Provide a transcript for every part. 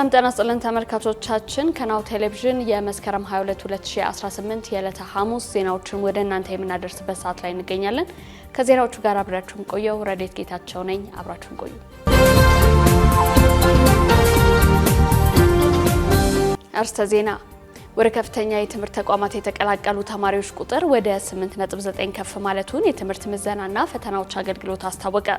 ሰላም ጤና ይስጥልን ተመልካቾቻችን፣ ከናሁ ቴሌቪዥን የመስከረም 22 2018 የዕለተ ሐሙስ ዜናዎችን ወደ እናንተ የምናደርስበት ሰዓት ላይ እንገኛለን። ከዜናዎቹ ጋር አብራችሁን ቆየው። ረዴት ጌታቸው ነኝ። አብራችሁን ቆዩ። አርስተ ዜና ወደ ከፍተኛ የትምህርት ተቋማት የተቀላቀሉ ተማሪዎች ቁጥር ወደ 8.9 ከፍ ማለቱን የትምህርት ምዘናና ፈተናዎች አገልግሎት አስታወቀ።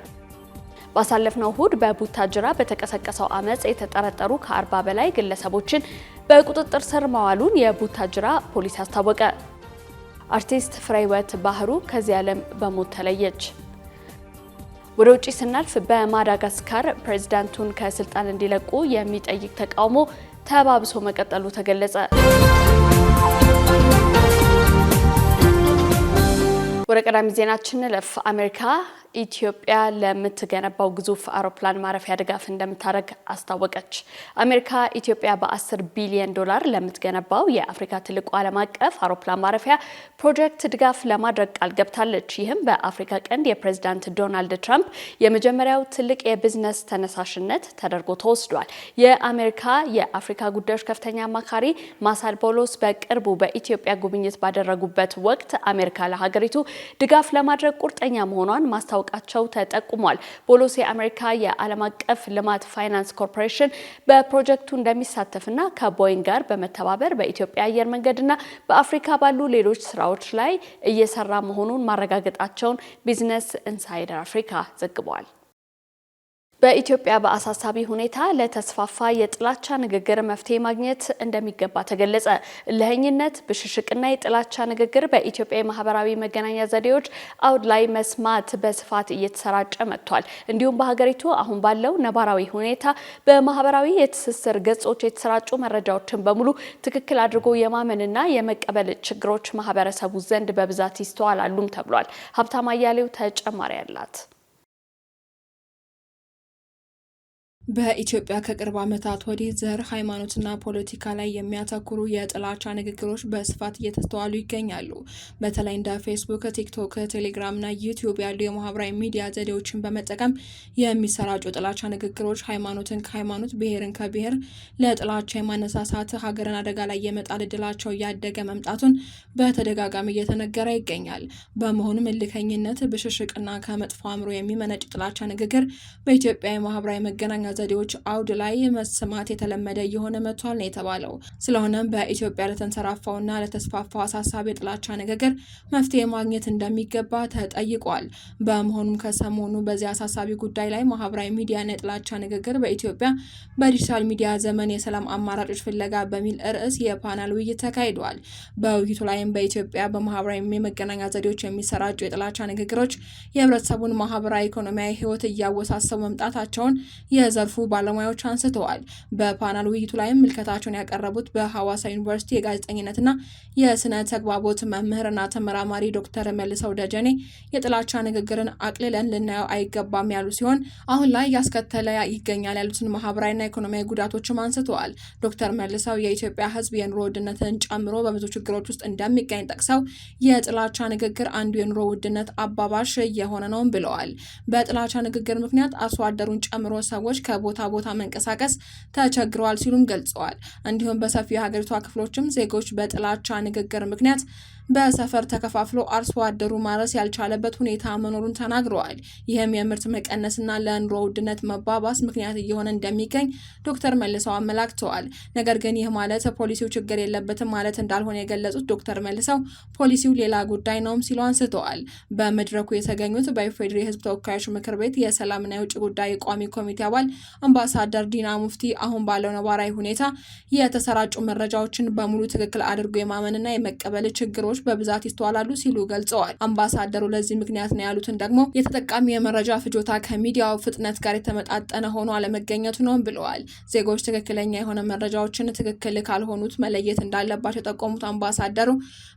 ባሳለፍነው እሁድ በቡታጅራ በተቀሰቀሰው አመፅ የተጠረጠሩ ከአርባ በላይ ግለሰቦችን በቁጥጥር ስር መዋሉን የቡታጅራ ፖሊስ አስታወቀ። አርቲስት ፍሬህይወት ባህሩ ከዚህ ዓለም በሞት ተለየች። ወደ ውጭ ስናልፍ በማዳጋስካር ፕሬዝዳንቱን ከስልጣን እንዲለቁ የሚጠይቅ ተቃውሞ ተባብሶ መቀጠሉ ተገለጸ። ወደ ቀዳሚ ዜናችን ለፍ አሜሪካ ኢትዮጵያ ለምትገነባው ግዙፍ አውሮፕላን ማረፊያ ድጋፍ እንደምታደርግ አስታወቀች። አሜሪካ ኢትዮጵያ በ10 ቢሊዮን ዶላር ለምትገነባው የአፍሪካ ትልቁ ዓለም አቀፍ አውሮፕላን ማረፊያ ፕሮጀክት ድጋፍ ለማድረግ ቃል ገብታለች። ይህም በአፍሪካ ቀንድ የፕሬዝዳንት ዶናልድ ትራምፕ የመጀመሪያው ትልቅ የቢዝነስ ተነሳሽነት ተደርጎ ተወስዷል። የአሜሪካ የአፍሪካ ጉዳዮች ከፍተኛ አማካሪ ማሳድ ቦሎስ በቅርቡ በኢትዮጵያ ጉብኝት ባደረጉበት ወቅት አሜሪካ ለሀገሪቱ ድጋፍ ለማድረግ ቁርጠኛ መሆኗን ማስታወ ማስታወቃቸው ተጠቁሟል። ቦሎሴ አሜሪካ የዓለም አቀፍ ልማት ፋይናንስ ኮርፖሬሽን በፕሮጀክቱ እንደሚሳተፍና ከቦይንግ ጋር በመተባበር በኢትዮጵያ አየር መንገድና በአፍሪካ ባሉ ሌሎች ስራዎች ላይ እየሰራ መሆኑን ማረጋገጣቸውን ቢዝነስ ኢንሳይደር አፍሪካ ዘግቧል። በኢትዮጵያ በአሳሳቢ ሁኔታ ለተስፋፋ የጥላቻ ንግግር መፍትሄ ማግኘት እንደሚገባ ተገለጸ። ለህኝነት ብሽሽቅና የጥላቻ ንግግር በኢትዮጵያ የማህበራዊ መገናኛ ዘዴዎች አውድ ላይ መስማት በስፋት እየተሰራጨ መጥቷል። እንዲሁም በሀገሪቱ አሁን ባለው ነባራዊ ሁኔታ በማህበራዊ የትስስር ገጾች የተሰራጩ መረጃዎችን በሙሉ ትክክል አድርጎ የማመንና የመቀበል ችግሮች ማህበረሰቡ ዘንድ በብዛት ይስተዋላሉም ተብሏል። ሀብታም አያሌው ተጨማሪ አላት። በኢትዮጵያ ከቅርብ ዓመታት ወዲህ ዘር፣ ሃይማኖትና ፖለቲካ ላይ የሚያተኩሩ የጥላቻ ንግግሮች በስፋት እየተስተዋሉ ይገኛሉ። በተለይ እንደ ፌስቡክ፣ ቲክቶክ፣ ቴሌግራምና ዩቲዩብ ያሉ የማህበራዊ ሚዲያ ዘዴዎችን በመጠቀም የሚሰራጩ ጥላቻ ንግግሮች ሃይማኖትን ከሃይማኖት፣ ብሔርን ከብሔር ለጥላቻ የማነሳሳት ሀገርን አደጋ ላይ የመጣል እድላቸው እያደገ መምጣቱን በተደጋጋሚ እየተነገረ ይገኛል። በመሆኑም እልከኝነት፣ ብሽሽቅና ከመጥፎ አእምሮ የሚመነጭ ጥላቻ ንግግር በኢትዮጵያ የማህበራዊ መገናኛ ዘዴዎች አውድ ላይ መሰማት የተለመደ እየሆነ መጥቷል ነው የተባለው። ስለሆነም በኢትዮጵያ ለተንሰራፋውና ለተስፋፋው አሳሳቢ የጥላቻ ንግግር መፍትሄ ማግኘት እንደሚገባ ተጠይቋል። በመሆኑም ከሰሞኑ በዚህ አሳሳቢ ጉዳይ ላይ ማህበራዊ ሚዲያና የጥላቻ ንግግር በኢትዮጵያ በዲጂታል ሚዲያ ዘመን የሰላም አማራጮች ፍለጋ በሚል ርዕስ የፓናል ውይይት ተካሂዷል። በውይይቱ ላይም በኢትዮጵያ በማህበራዊ የመገናኛ ዘዴዎች የሚሰራጩ የጥላቻ ንግግሮች የህብረተሰቡን ማህበራዊ፣ ኢኮኖሚያዊ ህይወት እያወሳሰቡ መምጣታቸውን የዘርፉ ዘርፉ ባለሙያዎች አንስተዋል። በፓናል ውይይቱ ላይም ምልከታቸውን ያቀረቡት በሐዋሳ ዩኒቨርሲቲ የጋዜጠኝነትና የስነ ተግባቦት መምህርና ተመራማሪ ዶክተር መልሰው ደጀኔ የጥላቻ ንግግርን አቅልለን ልናየው አይገባም ያሉ ሲሆን አሁን ላይ እያስከተለ ይገኛል ያሉትን ማህበራዊና ኢኮኖሚያዊ ጉዳቶችም አንስተዋል። ዶክተር መልሰው የኢትዮጵያ ሕዝብ የኑሮ ውድነትን ጨምሮ በብዙ ችግሮች ውስጥ እንደሚገኝ ጠቅሰው የጥላቻ ንግግር አንዱ የኑሮ ውድነት አባባሽ የሆነ ነውም ብለዋል። በጥላቻ ንግግር ምክንያት አርሶ አደሩን ጨምሮ ሰዎች ከቦታ ቦታ መንቀሳቀስ ተቸግረዋል ሲሉም ገልጸዋል። እንዲሁም በሰፊው የሀገሪቷ ክፍሎችም ዜጎች በጥላቻ ንግግር ምክንያት በሰፈር ተከፋፍሎ አርሶ አደሩ ማረስ ያልቻለበት ሁኔታ መኖሩን ተናግረዋል። ይህም የምርት መቀነስና ለኑሮ ውድነት መባባስ ምክንያት እየሆነ እንደሚገኝ ዶክተር መልሰው አመላክተዋል። ነገር ግን ይህ ማለት ፖሊሲው ችግር የለበትም ማለት እንዳልሆነ የገለጹት ዶክተር መልሰው ፖሊሲው ሌላ ጉዳይ ነውም ሲሉ አንስተዋል። በመድረኩ የተገኙት በኢፌዴሪ የህዝብ ተወካዮች ምክር ቤት የሰላምና የውጭ ጉዳይ ቋሚ ኮሚቴ አባል አምባሳደር ዲና ሙፍቲ አሁን ባለው ነባራዊ ሁኔታ የተሰራጩ መረጃዎችን በሙሉ ትክክል አድርጎ የማመንና የመቀበል ችግሮች በብዛት ይስተዋላሉ ሲሉ ገልጸዋል። አምባሳደሩ ለዚህ ምክንያት ነው ያሉትን ደግሞ የተጠቃሚ የመረጃ ፍጆታ ከሚዲያው ፍጥነት ጋር የተመጣጠነ ሆኖ አለመገኘቱ ነው ብለዋል። ዜጎች ትክክለኛ የሆነ መረጃዎችን ትክክል ካልሆኑት መለየት እንዳለባቸው የጠቆሙት አምባሳደሩ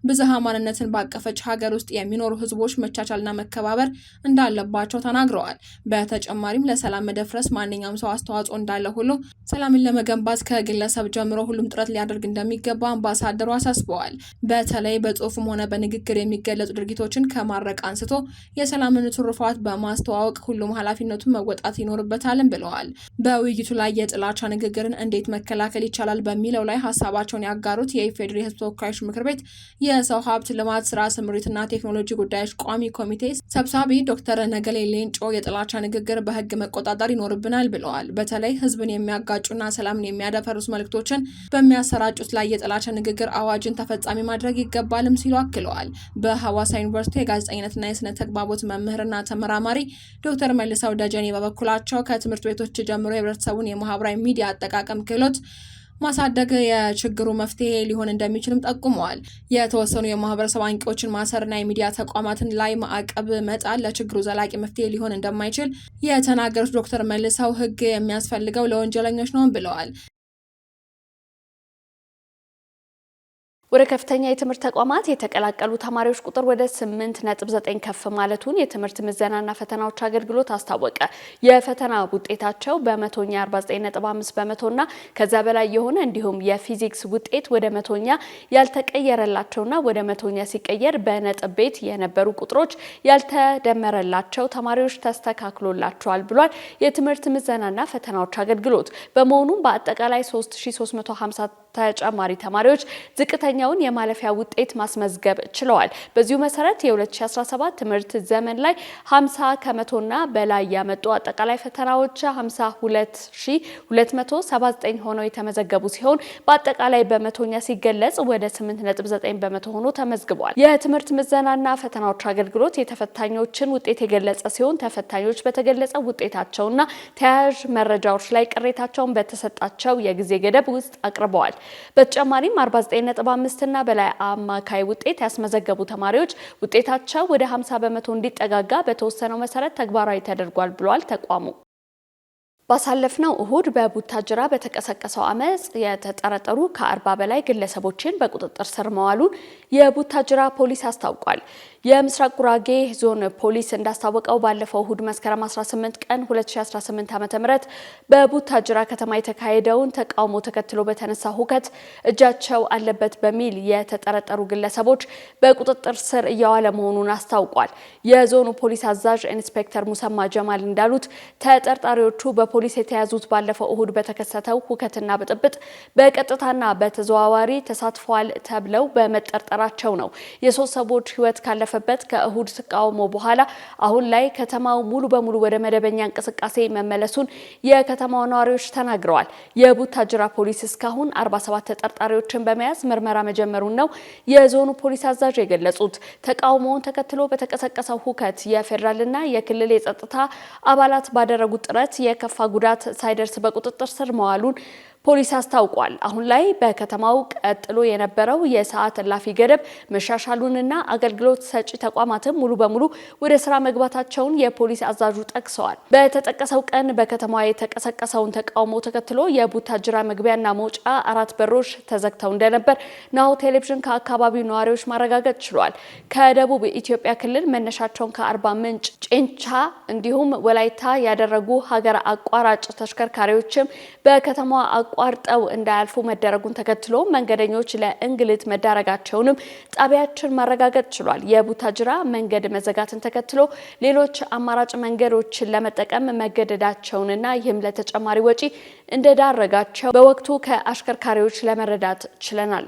ብዝሃ ማንነትን ባቀፈች ሀገር ውስጥ የሚኖሩ ህዝቦች መቻቻልና መከባበር እንዳለባቸው ተናግረዋል። በተጨማሪም ለሰላም መደፍረስ ማንኛውም ሰው አስተዋጽኦ እንዳለ ሁሉ ሰላምን ለመገንባት ከግለሰብ ጀምሮ ሁሉም ጥረት ሊያደርግ እንደሚገባ አምባሳደሩ አሳስበዋል። በተለይ በጦ በጽሁፍም ሆነ በንግግር የሚገለጹ ድርጊቶችን ከማድረግ አንስቶ የሰላምን ትሩፋት በማስተዋወቅ ሁሉም ኃላፊነቱን መወጣት ይኖርበታልን ብለዋል። በውይይቱ ላይ የጥላቻ ንግግርን እንዴት መከላከል ይቻላል በሚለው ላይ ሀሳባቸውን ያጋሩት የኢፌዴሪ ህዝብ ተወካዮች ምክር ቤት የሰው ሀብት ልማት ስራ ስምሪትና ቴክኖሎጂ ጉዳዮች ቋሚ ኮሚቴ ሰብሳቢ ዶክተር ነገሌ ሌንጮ የጥላቻ ንግግር በህግ መቆጣጠር ይኖርብናል ብለዋል። በተለይ ህዝብን የሚያጋጩና ሰላምን የሚያደፈርሱ መልክቶችን በሚያሰራጩት ላይ የጥላቻ ንግግር አዋጅን ተፈጻሚ ማድረግ ይገባልም አይደለም ሲሉ አክለዋል። በሐዋሳ ዩኒቨርሲቲ የጋዜጠኝነትና የስነ ተግባቦት መምህርና ተመራማሪ ዶክተር መልሰው ደጀኔ በበኩላቸው ከትምህርት ቤቶች ጀምሮ የህብረተሰቡን የማህበራዊ ሚዲያ አጠቃቀም ክህሎት ማሳደግ የችግሩ መፍትሄ ሊሆን እንደሚችልም ጠቁመዋል። የተወሰኑ የማህበረሰብ አንቂዎችን ማሰርና የሚዲያ ተቋማትን ላይ ማዕቀብ መጣል ለችግሩ ዘላቂ መፍትሄ ሊሆን እንደማይችል የተናገሩት ዶክተር መልሰው ህግ የሚያስፈልገው ለወንጀለኞች ነውን ብለዋል። ወደ ከፍተኛ የትምህርት ተቋማት የተቀላቀሉ ተማሪዎች ቁጥር ወደ 8.9 ከፍ ማለቱን የትምህርት ምዘናና ፈተናዎች አገልግሎት አስታወቀ። የፈተና ውጤታቸው በመቶኛ 49.5 በመቶና ከዛ በላይ የሆነ እንዲሁም የፊዚክስ ውጤት ወደ መቶኛ ያልተቀየረላቸውና ወደ መቶኛ ሲቀየር በነጥብ ቤት የነበሩ ቁጥሮች ያልተደመረላቸው ተማሪዎች ተስተካክሎላቸዋል ብሏል የትምህርት ምዘናና ፈተናዎች አገልግሎት። በመሆኑም በአጠቃላይ 3350 ተጨማሪ ተማሪዎች ዝቅተኛውን የማለፊያ ውጤት ማስመዝገብ ችለዋል። በዚሁ መሰረት የ2017 ትምህርት ዘመን ላይ 50 ከመቶና በላይ ያመጡ አጠቃላይ ፈተናዎች 52279 ሆነው የተመዘገቡ ሲሆን በአጠቃላይ በመቶኛ ሲገለጽ ወደ 8.9 በመቶ ሆኖ ተመዝግቧል። የትምህርት ምዘናና ፈተናዎች አገልግሎት የተፈታኞችን ውጤት የገለጸ ሲሆን ተፈታኞች በተገለጸ ውጤታቸውና ተያያዥ መረጃዎች ላይ ቅሬታቸውን በተሰጣቸው የጊዜ ገደብ ውስጥ አቅርበዋል። በተጨማሪም 49.5 እና በላይ አማካይ ውጤት ያስመዘገቡ ተማሪዎች ውጤታቸው ወደ 50 በመቶ እንዲጠጋጋ በተወሰነው መሰረት ተግባራዊ ተደርጓል ብሏል ተቋሙ። ባሳለፍነው እሁድ በቡታጅራ በተቀሰቀሰው አመፅ የተጠረጠሩ ከአርባ በላይ ግለሰቦችን በቁጥጥር ስር መዋሉን የቡታጅራ ፖሊስ አስታውቋል። የምስራቅ ጉራጌ ዞን ፖሊስ እንዳስታወቀው ባለፈው እሁድ መስከረም 18 ቀን 2018 ዓ.ም በቡታጅራ ከተማ የተካሄደውን ተቃውሞ ተከትሎ በተነሳ ሁከት እጃቸው አለበት በሚል የተጠረጠሩ ግለሰቦች በቁጥጥር ስር እያዋለ መሆኑን አስታውቋል። የዞኑ ፖሊስ አዛዥ ኢንስፔክተር ሙሰማ ጀማል እንዳሉት ተጠርጣሪዎቹ በ በፖሊስ የተያዙት ባለፈው እሁድ በተከሰተው ሁከትና ብጥብጥ በቀጥታና በተዘዋዋሪ ተሳትፏል ተብለው በመጠርጠራቸው ነው። የሶስት ሰዎች ህይወት ካለፈበት ከእሁድ ተቃውሞ በኋላ አሁን ላይ ከተማው ሙሉ በሙሉ ወደ መደበኛ እንቅስቃሴ መመለሱን የከተማው ነዋሪዎች ተናግረዋል። የቡታጅራ ፖሊስ እስካሁን 47 ተጠርጣሪዎችን በመያዝ ምርመራ መጀመሩን ነው የዞኑ ፖሊስ አዛዥ የገለጹት። ተቃውሞውን ተከትሎ በተቀሰቀሰው ሁከት የፌዴራልና የክልል የጸጥታ አባላት ባደረጉት ጥረት የከፋ ጉዳት ሳይደርስ በቁጥጥር ስር መዋሉን ፖሊስ አስታውቋል። አሁን ላይ በከተማው ቀጥሎ የነበረው የሰዓት እላፊ ገደብ መሻሻሉንና አገልግሎት ሰጪ ተቋማትም ሙሉ በሙሉ ወደ ስራ መግባታቸውን የፖሊስ አዛዡ ጠቅሰዋል። በተጠቀሰው ቀን በከተማዋ የተቀሰቀሰውን ተቃውሞ ተከትሎ የቡታጅራ መግቢያና መውጫ አራት በሮች ተዘግተው እንደነበር ናሁ ቴሌቪዥን ከአካባቢው ነዋሪዎች ማረጋገጥ ችሏል። ከደቡብ ኢትዮጵያ ክልል መነሻቸውን ከአርባ ምንጭ፣ ጭንቻ እንዲሁም ወላይታ ያደረጉ ሀገር አቋራጭ ተሽከርካሪዎችም በከተማዋ አቋርጠው እንዳያልፉ መደረጉን ተከትሎ መንገደኞች ለእንግልት መዳረጋቸውንም ጣቢያችን ማረጋገጥ ችሏል። የቡታጅራ መንገድ መዘጋትን ተከትሎ ሌሎች አማራጭ መንገዶችን ለመጠቀም መገደዳቸውንና ይህም ለተጨማሪ ወጪ እንደዳረጋቸው በወቅቱ ከአሽከርካሪዎች ለመረዳት ችለናል።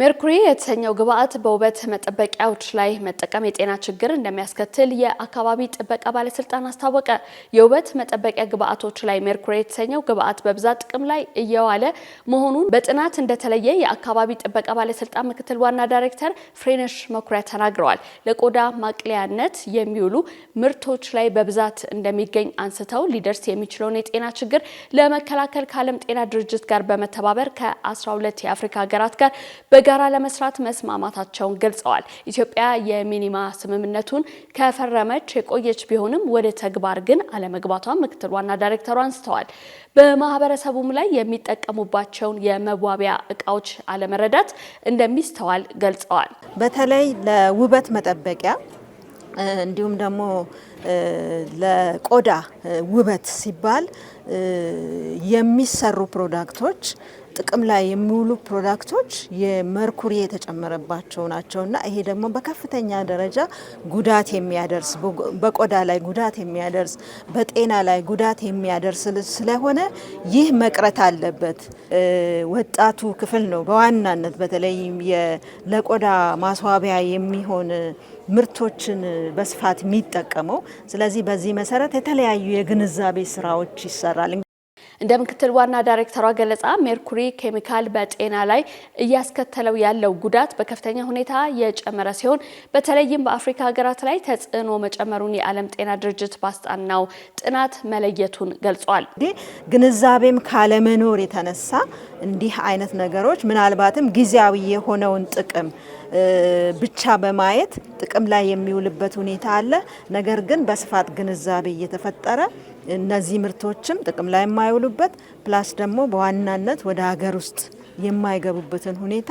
ሜርኩሪ የተሰኘው ግብአት በውበት መጠበቂያዎች ላይ መጠቀም የጤና ችግር እንደሚያስከትል የአካባቢ ጥበቃ ባለስልጣን አስታወቀ። የውበት መጠበቂያ ግብአቶች ላይ ሜርኩሪ የተሰኘው ግብአት በብዛት ጥቅም ላይ እየዋለ መሆኑን በጥናት እንደተለየ የአካባቢ ጥበቃ ባለስልጣን ምክትል ዋና ዳይሬክተር ፍሬነሽ መኩሪያ ተናግረዋል። ለቆዳ ማቅለያነት የሚውሉ ምርቶች ላይ በብዛት እንደሚገኝ አንስተው ሊደርስ የሚችለውን የጤና ችግር ለመከላከል ከዓለም ጤና ድርጅት ጋር በመተባበር ከ12 የአፍሪካ ሀገራት ጋር በጋራ ለመስራት መስማማታቸውን ገልጸዋል። ኢትዮጵያ የሚኒማ ስምምነቱን ከፈረመች የቆየች ቢሆንም ወደ ተግባር ግን አለመግባቷ ምክትል ዋና ዳይሬክተሩ አንስተዋል። በማህበረሰቡም ላይ የሚጠቀሙባቸውን የመዋቢያ እቃዎች አለመረዳት እንደሚስተዋል ገልጸዋል። በተለይ ለውበት መጠበቂያ እንዲሁም ደግሞ ለቆዳ ውበት ሲባል የሚሰሩ ፕሮዳክቶች ጥቅም ላይ የሚውሉ ፕሮዳክቶች የመርኩሪ የተጨመረባቸው ናቸው እና ይሄ ደግሞ በከፍተኛ ደረጃ ጉዳት የሚያደርስ በቆዳ ላይ ጉዳት የሚያደርስ በጤና ላይ ጉዳት የሚያደርስ ስለሆነ ይህ መቅረት አለበት። ወጣቱ ክፍል ነው በዋናነት በተለይም ለቆዳ ማስዋቢያ የሚሆን ምርቶችን በስፋት የሚጠቀመው። ስለዚህ በዚህ መሰረት የተለያዩ የግንዛቤ ስራዎች ይሰራል። እንደ ምክትል ዋና ዳይሬክተሯ ገለጻ ሜርኩሪ ኬሚካል በጤና ላይ እያስከተለው ያለው ጉዳት በከፍተኛ ሁኔታ የጨመረ ሲሆን በተለይም በአፍሪካ ሀገራት ላይ ተጽዕኖ መጨመሩን የዓለም ጤና ድርጅት ባስጣናው ጥናት መለየቱን ገልጿል። ግንዛቤም ካለመኖር የተነሳ እንዲህ አይነት ነገሮች ምናልባትም ጊዜያዊ የሆነውን ጥቅም ብቻ በማየት ጥቅም ላይ የሚውልበት ሁኔታ አለ። ነገር ግን በስፋት ግንዛቤ እየተፈጠረ እነዚህ ምርቶችም ጥቅም ላይ የማይውሉበት ፕላስ ደግሞ በዋናነት ወደ ሀገር ውስጥ የማይገቡበትን ሁኔታ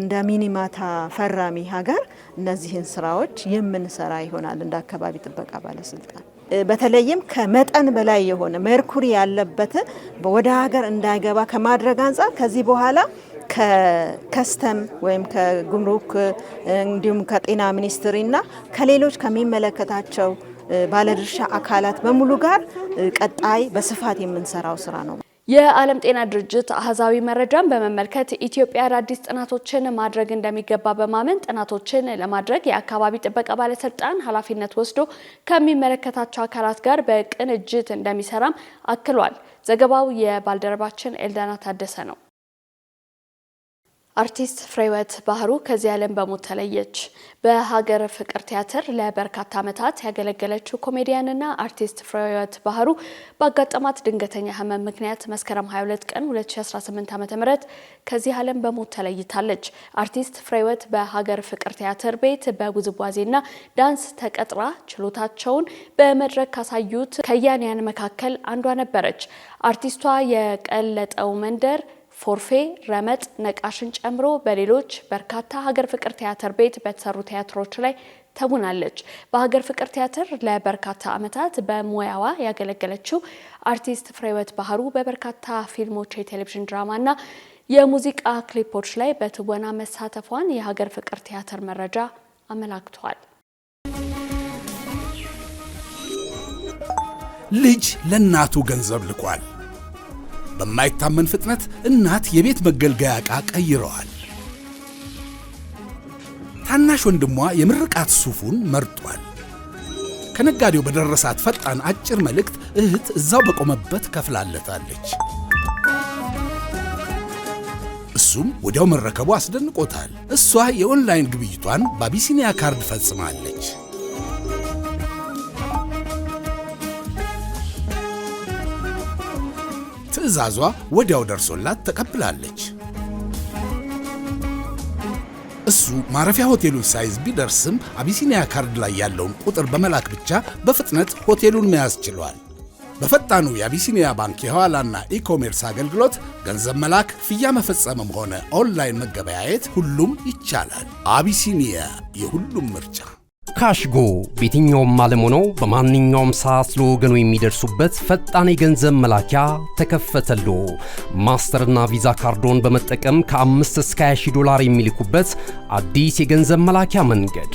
እንደ ሚኒማታ ፈራሚ ሀገር እነዚህን ስራዎች የምንሰራ ይሆናል እንደ አካባቢ ጥበቃ ባለስልጣን በተለይም ከመጠን በላይ የሆነ ሜርኩሪ ያለበትን ወደ ሀገር እንዳይገባ ከማድረግ አንጻር ከዚህ በኋላ ከከስተም ወይም ከጉምሩክ እንዲሁም ከጤና ሚኒስትሪ እና ከሌሎች ከሚመለከታቸው ባለድርሻ አካላት በሙሉ ጋር ቀጣይ በስፋት የምንሰራው ስራ ነው። የዓለም ጤና ድርጅት አህዛዊ መረጃን በመመልከት ኢትዮጵያ አዳዲስ ጥናቶችን ማድረግ እንደሚገባ በማመን ጥናቶችን ለማድረግ የአካባቢ ጥበቃ ባለስልጣን ኃላፊነት ወስዶ ከሚመለከታቸው አካላት ጋር በቅንጅት እንደሚሰራም አክሏል። ዘገባው የባልደረባችን ኤልዳና ታደሰ ነው። አርቲስት ፍሬህይወት ባህሩ ከዚህ ዓለም በሞት ተለየች። በሀገር ፍቅር ቲያትር ለበርካታ ዓመታት ያገለገለችው ኮሜዲያንና አርቲስት ፍሬህይወት ባህሩ በአጋጠማት ድንገተኛ ህመም ምክንያት መስከረም 22 ቀን 2018 ዓ.ም ከዚህ ዓለም በሞት ተለይታለች። አርቲስት ፍሬህይወት በሀገር ፍቅር ቲያትር ቤት በውዝዋዜና ዳንስ ተቀጥራ ችሎታቸውን በመድረክ ካሳዩት ከያንያን መካከል አንዷ ነበረች። አርቲስቷ የቀለጠው መንደር ፎርፌ፣ ረመጥ፣ ነቃሽን ጨምሮ በሌሎች በርካታ ሀገር ፍቅር ቲያትር ቤት በተሰሩ ቲያትሮች ላይ ተውናለች። በሀገር ፍቅር ቲያትር ለበርካታ ዓመታት በሙያዋ ያገለገለችው አርቲስት ፍሬህይወት ባህሩ በበርካታ ፊልሞች፣ የቴሌቪዥን ድራማና የሙዚቃ ክሊፖች ላይ በትወና መሳተፏን የሀገር ፍቅር ቲያትር መረጃ አመላክቷል። ልጅ ለእናቱ ገንዘብ ልኳል። በማይታመን ፍጥነት እናት የቤት መገልገያ ዕቃ ቀይረዋል። ታናሽ ወንድሟ የምርቃት ሱፉን መርጧል። ከነጋዴው በደረሳት ፈጣን አጭር መልእክት እህት እዛው በቆመበት ከፍላለታለች። እሱም ወዲያው መረከቡ አስደንቆታል። እሷ የኦንላይን ግብይቷን በአቢሲኒያ ካርድ ፈጽማለች። ትዕዛዟ ወዲያው ደርሶላት ተቀብላለች። እሱ ማረፊያ ሆቴሉን ሳይዝ ቢደርስም አቢሲኒያ ካርድ ላይ ያለውን ቁጥር በመላክ ብቻ በፍጥነት ሆቴሉን መያዝ ችሏል። በፈጣኑ የአቢሲኒያ ባንክ የኋላና ኢኮሜርስ አገልግሎት ገንዘብ መላክ፣ ፍያ መፈጸምም ሆነ ኦንላይን መገበያየት ሁሉም ይቻላል። አቢሲኒያ የሁሉም ምርጫ ካሽጎ በየትኛውም ዓለም ሆኖ በማንኛውም ሰዓት ለወገኑ የሚደርሱበት ፈጣን የገንዘብ መላኪያ ተከፈተሉ። ማስተርና ቪዛ ካርዶን በመጠቀም ከ5 እስከ 20 ዶላር የሚልኩበት አዲስ የገንዘብ መላኪያ መንገድ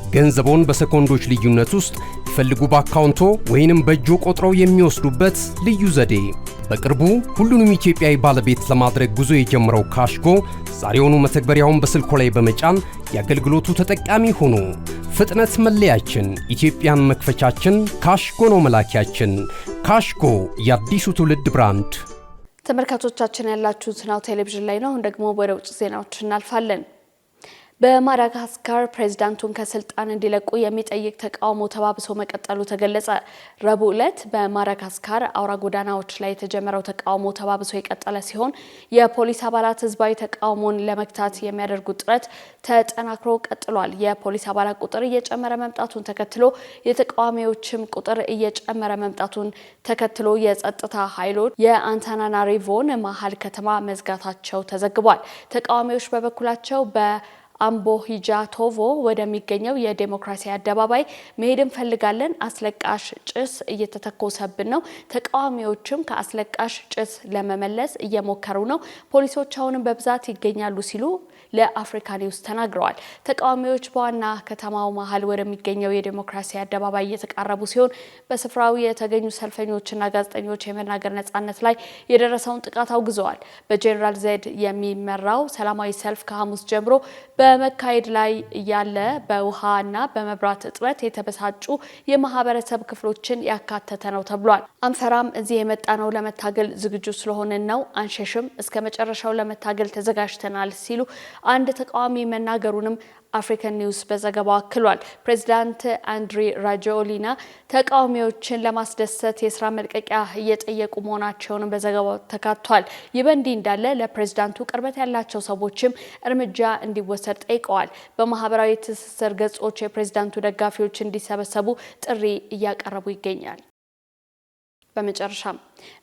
ገንዘቦን በሰኮንዶች ልዩነት ውስጥ ይፈልጉ በአካውንቶ ወይንም በእጆ ቆጥረው የሚወስዱበት ልዩ ዘዴ። በቅርቡ ሁሉንም ኢትዮጵያዊ ባለቤት ለማድረግ ጉዞ የጀመረው ካሽጎ ዛሬውኑ መተግበሪያውን በስልኮ ላይ በመጫን የአገልግሎቱ ተጠቃሚ ሆኑ። ፍጥነት መለያችን፣ ኢትዮጵያን መክፈቻችን፣ ካሽጎ ነው መላኪያችን። ካሽጎ የአዲሱ ትውልድ ብራንድ። ተመልካቾቻችን ያላችሁት ናሁ ቴሌቪዥን ላይ ነው። አሁን ደግሞ ወደ ውጭ ዜናዎች እናልፋለን። በማዳጋስካር ፕሬዚዳንቱን ከስልጣን እንዲለቁ የሚጠይቅ ተቃውሞ ተባብሶ መቀጠሉ ተገለጸ። ረቡዕ ዕለት በማዳጋስካር አውራ ጎዳናዎች ላይ የተጀመረው ተቃውሞ ተባብሶ የቀጠለ ሲሆን የፖሊስ አባላት ህዝባዊ ተቃውሞን ለመግታት የሚያደርጉት ጥረት ተጠናክሮ ቀጥሏል። የፖሊስ አባላት ቁጥር እየጨመረ መምጣቱን ተከትሎ የተቃዋሚዎችም ቁጥር እየጨመረ መምጣቱን ተከትሎ የጸጥታ ኃይሎች የአንታናናሪቮን መሀል ከተማ መዝጋታቸው ተዘግቧል። ተቃዋሚዎች በበኩላቸው በ አምቦ ሂጃ ቶቮ ወደሚገኘው የዴሞክራሲ አደባባይ መሄድ እንፈልጋለን። አስለቃሽ ጭስ እየተተኮሰብን ነው። ተቃዋሚዎችም ከአስለቃሽ ጭስ ለመመለስ እየሞከሩ ነው። ፖሊሶች አሁንም በብዛት ይገኛሉ ሲሉ ለአፍሪካ ኒውስ ተናግረዋል። ተቃዋሚዎች በዋና ከተማው መሀል ወደሚገኘው የዴሞክራሲ አደባባይ እየተቃረቡ ሲሆን በስፍራው የተገኙ ሰልፈኞችና ጋዜጠኞች የመናገር ነጻነት ላይ የደረሰውን ጥቃት አውግዘዋል። በጄኔራል ዜድ የሚመራው ሰላማዊ ሰልፍ ከሐሙስ ጀምሮ በ በመካሄድ ላይ ያለ በውሃና በመብራት እጥረት የተበሳጩ የማህበረሰብ ክፍሎችን ያካተተ ነው ተብሏል። አንፈራም፣ እዚህ የመጣ ነው ለመታገል ዝግጁ ስለሆንን ነው፣ አንሸሽም፣ እስከ መጨረሻው ለመታገል ተዘጋጅተናል ሲሉ አንድ ተቃዋሚ መናገሩንም አፍሪካን ኒውስ በዘገባው አክሏል። ፕሬዚዳንት አንድሪ ራጆሊና ተቃዋሚዎችን ለማስደሰት የስራ መልቀቂያ እየጠየቁ መሆናቸውን በዘገባው ተካቷል። ይህ በእንዲህ እንዳለ ለፕሬዚዳንቱ ቅርበት ያላቸው ሰዎችም እርምጃ እንዲወሰድ ጠይቀዋል። በማህበራዊ ትስስር ገጾች የፕሬዚዳንቱ ደጋፊዎች እንዲሰበሰቡ ጥሪ እያቀረቡ ይገኛል። በመጨረሻም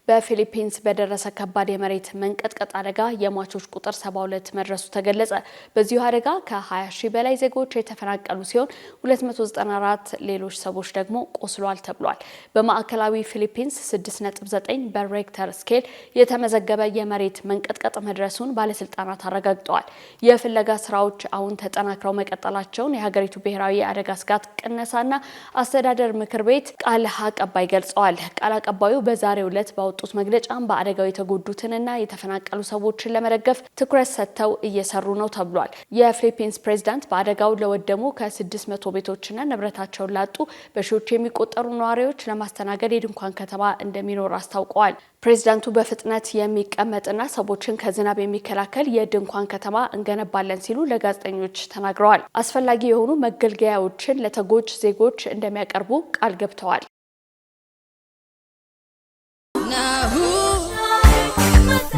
በፊሊፒንስ በደረሰ ከባድ የመሬት መንቀጥቀጥ አደጋ የሟቾች ቁጥር 72 መድረሱ ተገለጸ። በዚሁ አደጋ ከ20 ሺህ በላይ ዜጎች የተፈናቀሉ ሲሆን 294 ሌሎች ሰዎች ደግሞ ቆስሏል ተብሏል። በማዕከላዊ ፊሊፒንስ 6.9 በሬክተር ስኬል የተመዘገበ የመሬት መንቀጥቀጥ መድረሱን ባለስልጣናት አረጋግጠዋል። የፍለጋ ስራዎች አሁን ተጠናክረው መቀጠላቸውን የሀገሪቱ ብሔራዊ የአደጋ ስጋት ቅነሳና አስተዳደር ምክር ቤት ቃል አቀባይ ገልጸዋል። ቃል አቀባዩ በዛሬው ዕለት ባወጡ ባወጡት መግለጫም በአደጋው የተጎዱትንና የተፈናቀሉ ሰዎችን ለመደገፍ ትኩረት ሰጥተው እየሰሩ ነው ተብሏል። የፊሊፒንስ ፕሬዚዳንት በአደጋው ለወደሙ ከ600 ቤቶችና ንብረታቸውን ላጡ በሺዎች የሚቆጠሩ ነዋሪዎች ለማስተናገድ የድንኳን ከተማ እንደሚኖር አስታውቀዋል። ፕሬዚዳንቱ በፍጥነት የሚቀመጥና ሰዎችን ከዝናብ የሚከላከል የድንኳን ከተማ እንገነባለን ሲሉ ለጋዜጠኞች ተናግረዋል። አስፈላጊ የሆኑ መገልገያዎችን ለተጎጅ ዜጎች እንደሚያቀርቡ ቃል ገብተዋል። now who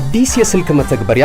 አዲስ የስልክ መተግበሪያ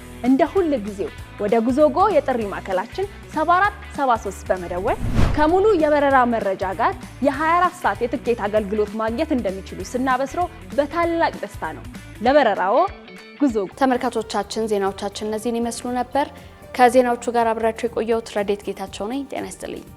እንደ ሁል ጊዜው ወደ ጉዞጎ የጥሪ ማዕከላችን 7473 በመደወል ከሙሉ የበረራ መረጃ ጋር የ24 ሰዓት የትኬት አገልግሎት ማግኘት እንደሚችሉ ስናበስሮ በታላቅ ደስታ ነው። ለበረራዎ ጉዞ። ተመልካቾቻችን ዜናዎቻችን እነዚህን ይመስሉ ነበር። ከዜናዎቹ ጋር አብራችሁ የቆየሁት ረዴት ጌታቸው ነኝ። ጤና ይስጥልኝ።